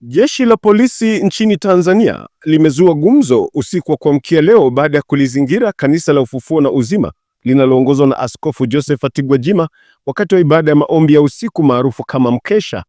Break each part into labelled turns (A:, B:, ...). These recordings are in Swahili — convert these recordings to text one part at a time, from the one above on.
A: Jeshi la polisi nchini Tanzania limezua gumzo usiku wa kuamkia leo baada ya kulizingira kanisa la Ufufuo na Uzima linaloongozwa na Askofu Josephat Gwajima wakati wa ibada ya maombi ya usiku maarufu kama mkesha.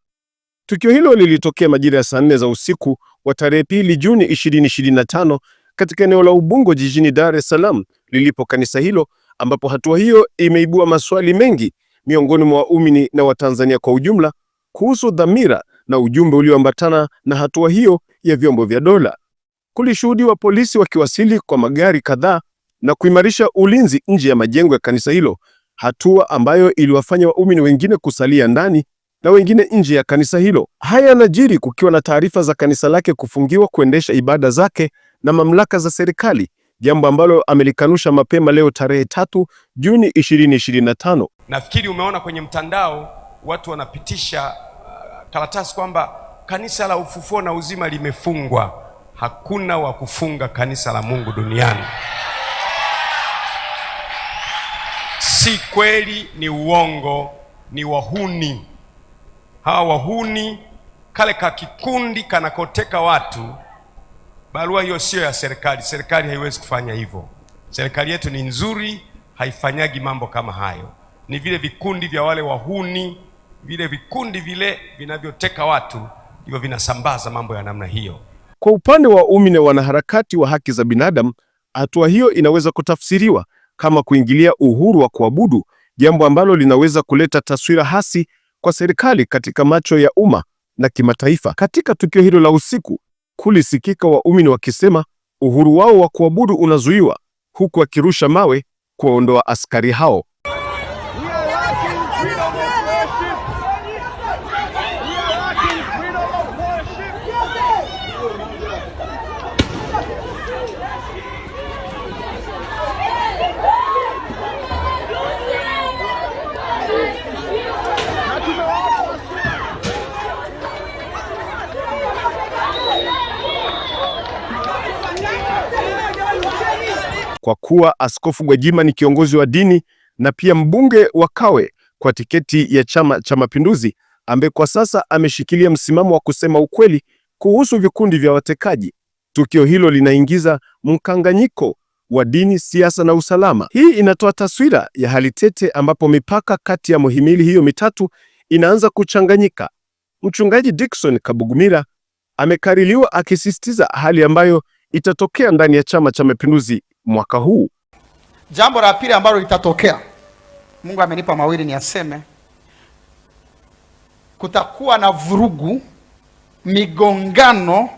A: Tukio hilo lilitokea majira ya saa nne za usiku wa tarehe pili Juni 2025 katika eneo la Ubungo jijini Dar es Salaam lilipo kanisa hilo, ambapo hatua hiyo imeibua maswali mengi miongoni mwa waumini na Watanzania kwa ujumla kuhusu dhamira na ujumbe ulioambatana na hatua hiyo ya vyombo vya dola. Kulishuhudiwa polisi wakiwasili kwa magari kadhaa na kuimarisha ulinzi nje ya majengo ya kanisa hilo, hatua ambayo iliwafanya waumini wengine kusalia ndani na wengine nje ya kanisa hilo. Haya yanajiri kukiwa na taarifa za kanisa lake kufungiwa kuendesha ibada zake na mamlaka za serikali, jambo ambalo amelikanusha mapema leo tarehe tatu Juni 2025.
B: Nafikiri umeona kwenye mtandao watu wanapitisha uh, karatasi kwamba kanisa la ufufuo na uzima limefungwa. Hakuna wa kufunga kanisa la Mungu duniani. Si kweli, ni uongo, ni wahuni. Hawa wahuni, kale ka kikundi kanakoteka watu. Barua hiyo siyo ya serikali. Serikali haiwezi kufanya hivyo. Serikali yetu ni nzuri, haifanyagi mambo kama hayo. Ni vile vikundi vya wale wahuni vile vikundi vile vinavyoteka watu ndivyo vinasambaza mambo ya namna hiyo.
A: Kwa upande wa ummi na wanaharakati wa haki za binadamu, hatua hiyo inaweza kutafsiriwa kama kuingilia uhuru wa kuabudu, jambo ambalo linaweza kuleta taswira hasi kwa serikali katika macho ya umma na kimataifa. Katika tukio hilo la usiku, kulisikika waumini wakisema uhuru wao wa kuabudu unazuiwa, huku wakirusha mawe kuwaondoa askari hao. kwa kuwa Askofu Gwajima ni kiongozi wa dini na pia mbunge wa Kawe kwa tiketi ya Chama cha Mapinduzi, ambaye kwa sasa ameshikilia msimamo wa kusema ukweli kuhusu vikundi vya watekaji. Tukio hilo linaingiza mkanganyiko wa dini, siasa na usalama. Hii inatoa taswira ya hali tete, ambapo mipaka kati ya mihimili hiyo mitatu inaanza kuchanganyika. Mchungaji Dickson Kabugumira amekaririwa akisisitiza hali ambayo itatokea ndani ya Chama cha Mapinduzi mwaka huu.
C: Jambo la pili ambalo litatokea, Mungu amenipa mawili ni aseme, kutakuwa na vurugu, migongano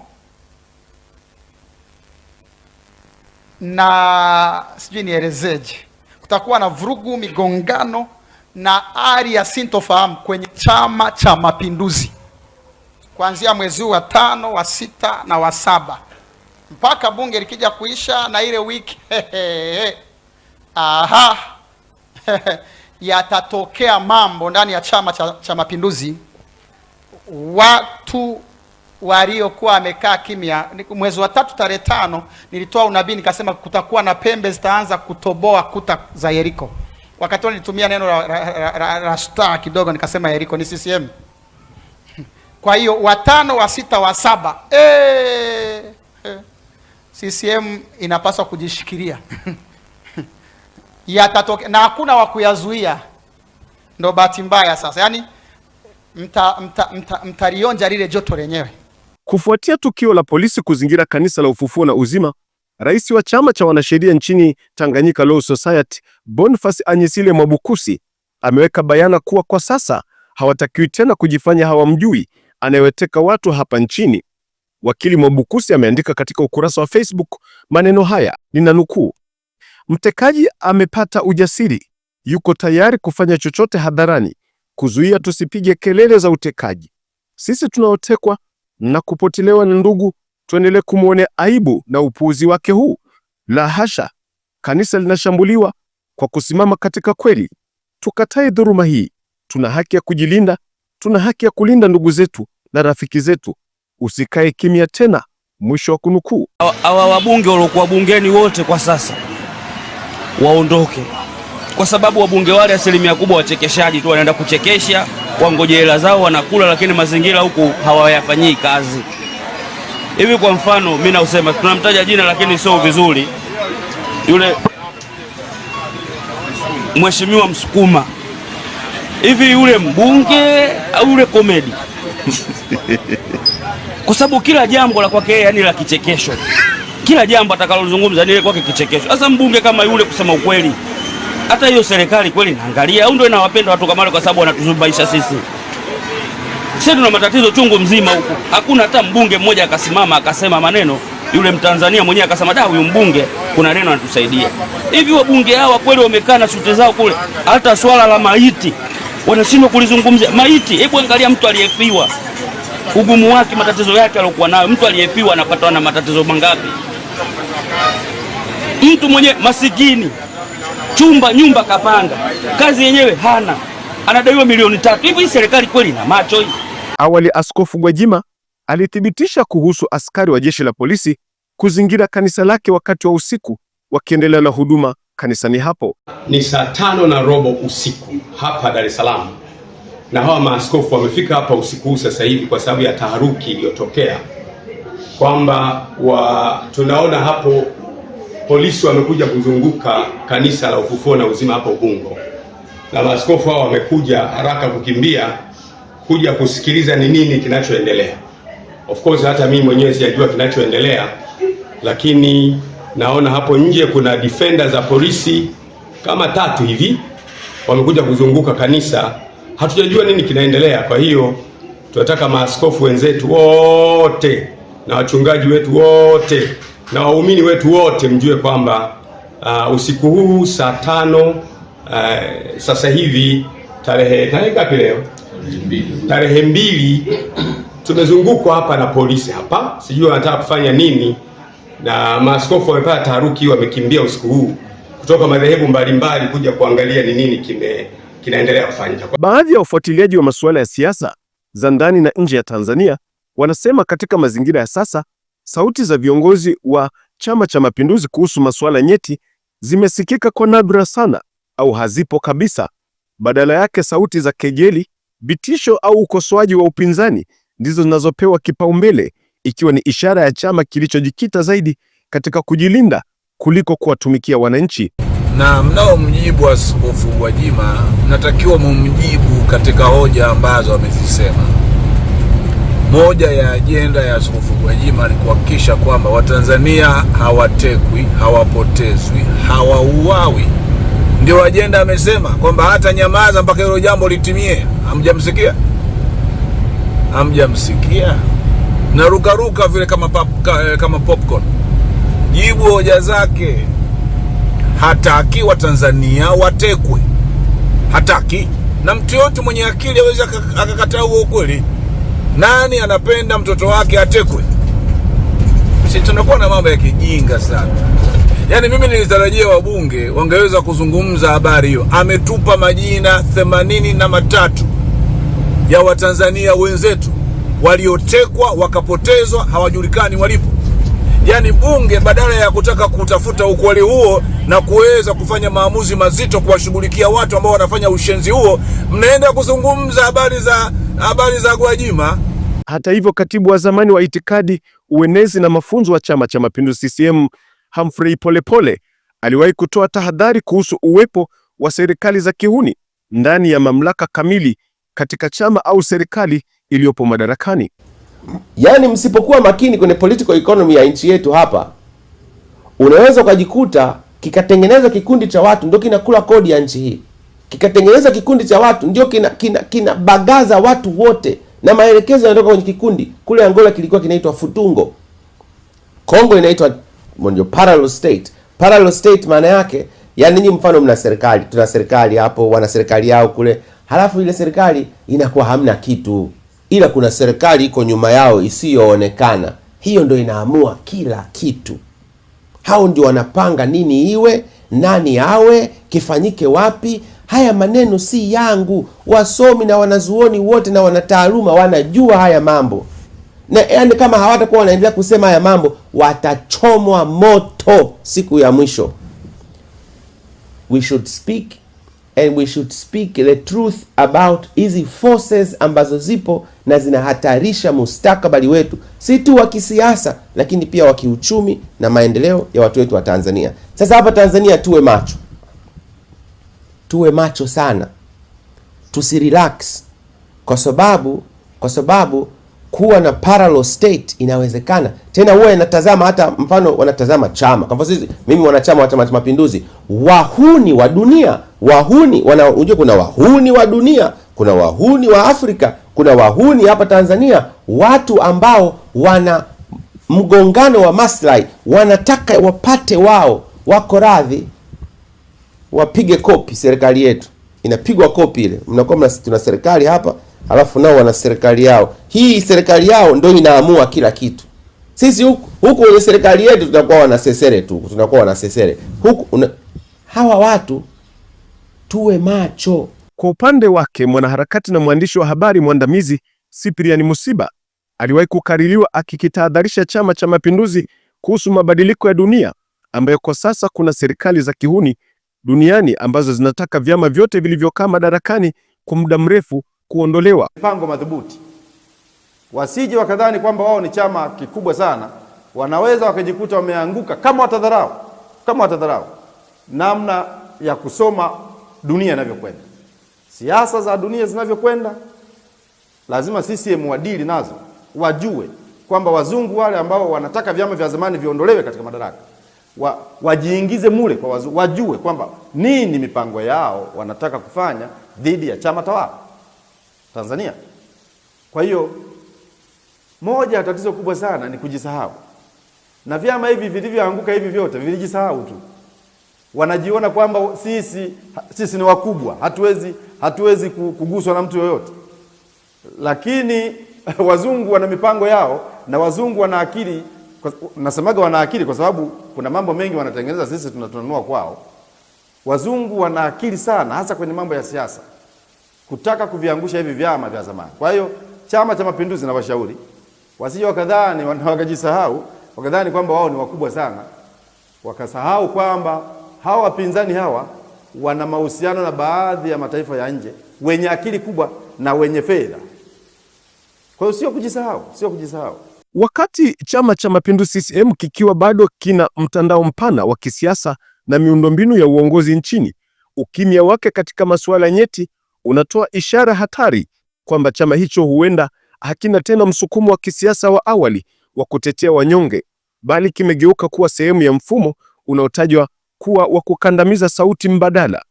C: na sijui nielezeje, kutakuwa na vurugu, migongano na hali ya sintofahamu kwenye Chama cha Mapinduzi kuanzia mwezi huu wa tano, wa sita na wa saba mpaka bunge likija kuisha na ile wiki aha yatatokea mambo ndani ya Chama cha, cha Mapinduzi. Watu waliokuwa wamekaa kimya, mwezi wa tatu tarehe tano nilitoa unabii nikasema kutakuwa na pembe zitaanza kutoboa kuta za Yeriko. Wakati huo nilitumia neno la, la, la, la, la star kidogo, nikasema Yeriko ni CCM. Kwa hiyo watano wa sita wa saba e, CCM inapaswa kujishikilia yatatoke na hakuna wa kuyazuia. Ndo bahati mbaya sasa, yaani mtalionja mta, mta, mta lile joto lenyewe.
A: Kufuatia tukio la polisi kuzingira kanisa la Ufufuo na Uzima, rais wa chama cha wanasheria nchini Tanganyika Law Society Boniface Anyisile Mwabukusi ameweka bayana kuwa kwa sasa hawatakiwi tena kujifanya hawamjui anayeweteka watu hapa nchini. Wakili Mwabukusi ameandika katika ukurasa wa Facebook maneno haya, ninanukuu: mtekaji amepata ujasiri, yuko tayari kufanya chochote hadharani kuzuia tusipige kelele za utekaji. Sisi tunaotekwa na kupotelewa na ndugu tuendelee kumwonea aibu na upuuzi wake huu? La hasha! Kanisa linashambuliwa kwa kusimama katika kweli. Tukatae dhuruma hii. Tuna haki ya kujilinda, tuna haki ya kulinda ndugu zetu na rafiki zetu usikae kimya tena. Mwisho wa kunukuu.
D: Hawa wabunge waliokuwa bungeni wote kwa sasa waondoke, kwa sababu wabunge wale asilimia kubwa wachekeshaji tu, wanaenda kuchekesha, wangoje hela zao, wanakula, lakini mazingira huku hawayafanyii kazi. Hivi kwa mfano, mimi nausema, tunamtaja jina lakini sio vizuri, yule mheshimiwa Msukuma, hivi yule mbunge au yule komedi? kwa sababu kila jambo la kwake yeye yani la kichekesho, kila jambo atakalozungumza ni kwake kichekesho. Sasa mbunge kama yule, kusema ukweli, hata hiyo serikali kweli inaangalia au ndio inawapenda watu kama wale, kwa sababu wanatuzubaisha sisi. Sisi tuna matatizo chungu mzima huku, hakuna hata mbunge mmoja akasimama akasema maneno yule Mtanzania mwenyewe akasema da, huyu mbunge kuna neno anatusaidia. Hivi wabunge hawa kweli wamekaa na shute zao kule, hata swala la maiti wanashindwa kulizungumzia. Maiti, hebu angalia mtu aliyefiwa ugumu wake, matatizo yake aliyokuwa nayo. Mtu aliyefiwa anapatwa na matatizo mangapi? Mtu mwenye masikini, chumba nyumba kapanga, kazi yenyewe hana, anadaiwa milioni tatu. Hivi serikali kweli na macho hii?
A: Awali Askofu Gwajima alithibitisha kuhusu askari wa jeshi la polisi kuzingira kanisa lake wakati wa usiku wakiendelea na huduma kanisani hapo.
E: Ni saa tano na robo usiku hapa Dar es Salaam na hawa maaskofu wamefika hapa usiku huu sasa hivi kwa sababu ya taharuki iliyotokea, kwamba wa tunaona hapo polisi wamekuja kuzunguka kanisa la Ufufuo na Uzima hapo Ubungo, na maaskofu hao wamekuja haraka kukimbia kuja kusikiliza ni nini kinachoendelea. Of course hata mimi mwenyewe sijajua kinachoendelea, lakini naona hapo nje kuna defender za polisi kama tatu hivi wamekuja kuzunguka kanisa hatujajua nini kinaendelea. Kwa hiyo tunataka maaskofu wenzetu wote na wachungaji wetu wote na waumini wetu wote mjue kwamba uh, usiku huu saa tano uh, sasa hivi tarehe tarehe ngapi leo? Tarehe mbili. Tumezungukwa hapa na polisi hapa, sijui wanataka kufanya nini, na maaskofu wamepata taharuki, wamekimbia usiku huu kutoka madhehebu mbalimbali kuja kuangalia ni nini kime kinaendelea kufanyika.
A: Baadhi ya wafuatiliaji wa masuala ya siasa za ndani na nje ya Tanzania wanasema katika mazingira ya sasa, sauti za viongozi wa Chama cha Mapinduzi kuhusu masuala nyeti zimesikika kwa nadra sana au hazipo kabisa. Badala yake, sauti za kejeli, vitisho au ukosoaji wa upinzani ndizo zinazopewa kipaumbele, ikiwa ni ishara ya chama kilichojikita zaidi katika kujilinda kuliko kuwatumikia wananchi
F: na mnao mjibu Askofu Gwajima, mnatakiwa mumjibu katika hoja ambazo amezisema. Moja ya ajenda ya Askofu Gwajima ni kuhakikisha kwamba Watanzania hawatekwi, hawapotezwi, hawauawi. Ndio ajenda amesema, kwamba hata nyamaza mpaka hilo jambo litimie. Hamjamsikia? Hamjamsikia? narukaruka vile kama, pap, eh, kama popcorn. Jibu hoja zake hataki Watanzania watekwe, hataki. Na mtu yote mwenye akili awezi akakataa huo ukweli. Nani anapenda mtoto wake atekwe? Si tunakuwa na mambo ya kijinga sana. Yaani mimi nilitarajia wabunge wangeweza kuzungumza habari hiyo. Ametupa majina themanini na matatu ya Watanzania wenzetu waliotekwa wakapotezwa hawajulikani walipo. Yaani bunge badala ya kutaka kutafuta ukweli huo na kuweza kufanya maamuzi mazito kuwashughulikia watu ambao wanafanya ushenzi huo, mnaenda kuzungumza habari za habari za Gwajima.
A: Hata hivyo, katibu wa zamani wa itikadi, uenezi na mafunzo wa Chama cha Mapinduzi CCM Humphrey Polepole aliwahi kutoa tahadhari kuhusu uwepo wa serikali za kihuni ndani ya mamlaka kamili katika chama au serikali iliyopo madarakani.
G: Yaani, msipokuwa makini kwenye political economy ya nchi yetu hapa, unaweza ukajikuta kikatengeneza kikundi cha watu ndio kinakula kodi ya nchi hii, kikatengeneza kikundi cha watu ndio kina, kina, kina bagaza watu wote, na maelekezo yanatoka kwenye kikundi. Kule Angola kilikuwa kinaitwa Futungo, Kongo inaitwa mwanzo parallel state. Parallel state maana yake yani, ninyi mfano mna serikali, tuna serikali hapo, wana serikali yao kule, halafu ile serikali inakuwa hamna kitu, ila kuna serikali iko nyuma yao isiyoonekana, hiyo ndio inaamua kila kitu hao ndio wanapanga nini iwe, nani awe, kifanyike wapi. Haya maneno si yangu. Wasomi na wanazuoni wote na wanataaluma wanajua haya mambo, na yani kama hawatakuwa wanaendelea kusema haya mambo watachomwa moto siku ya mwisho. We should speak and we should speak the truth about hizi forces ambazo zipo na zinahatarisha mustakabali wetu, si tu wa kisiasa, lakini pia wa kiuchumi na maendeleo ya watu wetu wa Tanzania. Sasa hapa Tanzania tuwe macho, tuwe macho sana, tusirelax kwa sababu kwa sababu kuwa na parallel state inawezekana. Tena huwa inatazama hata mfano wanatazama chama, kwa sisi, mimi mwanachama wa Chama cha Mapinduzi, wahuni wa dunia wahuni wana, kuna wahuni wa dunia, kuna wahuni wa Afrika, kuna wahuni hapa Tanzania, watu ambao wana mgongano wa maslahi, wanataka wapate wao, wako radhi wapige kopi serikali yetu, inapigwa kopi ile. Mnakuwa tuna serikali hapa, halafu nao wana serikali yao. Hii serikali yao ndio inaamua kila kitu. Sisi huku huku kwenye serikali yetu tunakuwa wanasesere tu, tunakuwa wanasesere huku una, hawa watu tuwe macho.
A: Kwa upande wake, mwanaharakati na mwandishi wa habari mwandamizi Cyprian Musiba aliwahi kukaririwa akikitahadharisha Chama cha Mapinduzi kuhusu mabadiliko ya dunia ambayo kwa sasa kuna serikali za kihuni duniani ambazo zinataka vyama vyote vilivyokaa madarakani kwa muda mrefu kuondolewa.
H: Mpango madhubuti, wasije wakadhani kwamba wao ni chama kikubwa sana, wanaweza wakajikuta wameanguka kama watadharau kama watadharau namna ya kusoma dunia inavyokwenda, siasa za dunia zinavyokwenda, lazima sisi wadili nazo, wajue kwamba wazungu wale ambao wanataka vyama vya zamani viondolewe katika madaraka wa, wajiingize mule kwa wazungu, wajue kwamba nini mipango yao wanataka kufanya dhidi ya chama tawala Tanzania. Kwa hiyo moja ya tatizo kubwa sana ni kujisahau, na vyama hivi vilivyoanguka hivi vyote vilijisahau tu wanajiona kwamba sisi sisi ni wakubwa, hatuwezi hatuwezi kuguswa na mtu yoyote. Lakini wazungu wana mipango yao, na wazungu wana akili. Nasemaga wana akili kwa sababu kuna mambo mengi wanatengeneza, sisi tunatununua kwao. Wazungu wana akili sana, hasa kwenye mambo ya siasa, kutaka kuviangusha hivi vyama vya zamani. Kwa hiyo Chama cha Mapinduzi na washauri wasije wakadhani, wakajisahau, wakadhani kwamba wao ni wakubwa sana, wakasahau kwamba hawa wapinzani hawa wana mahusiano na baadhi ya mataifa ya nje wenye akili kubwa na wenye fedha. Kwa hiyo sio kujisahau, sio kujisahau.
A: Wakati Chama cha Mapinduzi CCM kikiwa bado kina mtandao mpana wa kisiasa na miundombinu ya uongozi nchini, ukimya wake katika masuala nyeti unatoa ishara hatari kwamba chama hicho huenda hakina tena msukumo wa kisiasa wa awali wa kutetea wanyonge, bali kimegeuka kuwa sehemu ya mfumo unaotajwa kuwa wa kukandamiza sauti mbadala.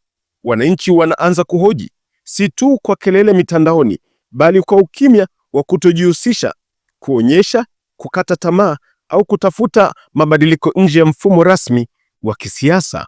A: Wananchi wanaanza kuhoji, si tu kwa kelele mitandaoni, bali kwa ukimya wa kutojihusisha, kuonyesha kukata tamaa au kutafuta mabadiliko nje ya mfumo rasmi wa kisiasa.